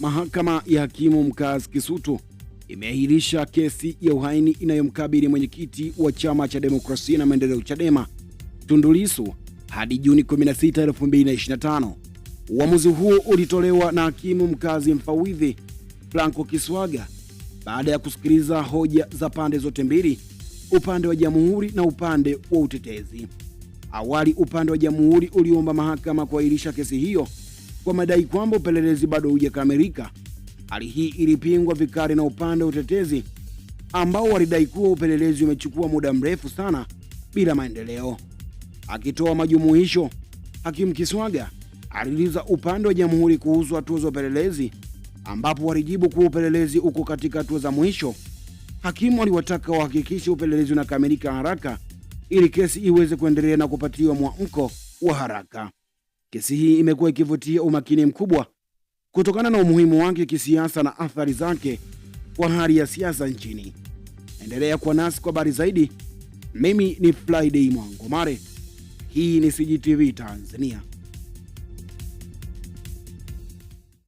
Mahakama ya hakimu mkazi Kisutu imeahirisha kesi ya uhaini inayomkabili mwenyekiti wa chama cha demokrasia na maendeleo Chadema Tundu Lissu hadi Juni 16, 2025. Uamuzi huo ulitolewa na hakimu mkazi mfawidhi Franco Kiswaga baada ya kusikiliza hoja za pande zote mbili, upande wa jamhuri na upande wa utetezi. Awali upande wa jamhuri uliomba mahakama kuahirisha kesi hiyo kwa madai kwamba upelelezi bado hujakamilika. Hali hii ilipingwa vikali na upande wa utetezi ambao walidai kuwa upelelezi umechukua muda mrefu sana bila maendeleo. Akitoa majumuisho, hakimu Kiswaga aliuliza upande wa jamhuri kuhusu hatua za upelelezi, ambapo walijibu kuwa upelelezi uko katika hatua za mwisho. Hakimu aliwataka wahakikishe upelelezi unakamilika haraka ili kesi iweze kuendelea na kupatiwa mwamko wa haraka. Kesi hii imekuwa ikivutia umakini mkubwa kutokana na umuhimu wake kisiasa na athari zake kwa hali ya siasa nchini. Endelea kuwa nasi kwa habari zaidi. Mimi ni Friday Mwangomare, hii ni CGTV Tanzania.